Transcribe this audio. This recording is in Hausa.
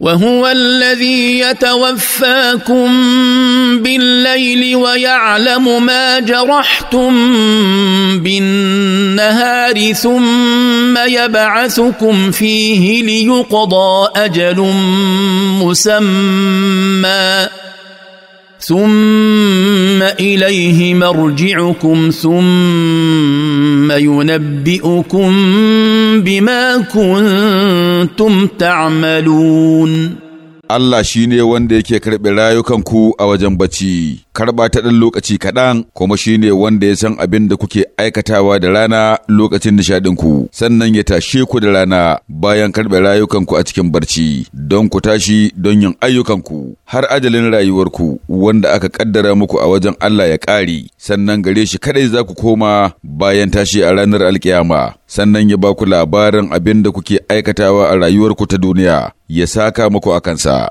وهو الذي يتوفاكم بالليل ويعلم ما جرحتم بالنهار ثم يبعثكم فيه ليقضى اجل مسمى ثم اليه مرجعكم ثم ينبئكم بما كنتم تعملون Allah shi ne wanda yake karɓe rayukanku a wajen bacci, karɓa ta ɗan lokaci kaɗan kuma shi ne wanda ya san abin da kuke aikatawa da rana lokacin nishaɗinku, sannan ya tashe ku da rana bayan karɓe rayukanku a cikin barci, don ku tashi don yin ayyukanku har ajalin rayuwarku wanda aka ƙaddara muku a wajen Allah ya ƙare, sannan gare shi kaɗai za ku koma bayan tashi a ranar alƙiyama, sannan ya ba ku labarin abin da kuke aikatawa a rayuwarku ta duniya. ya saka muku a kansa.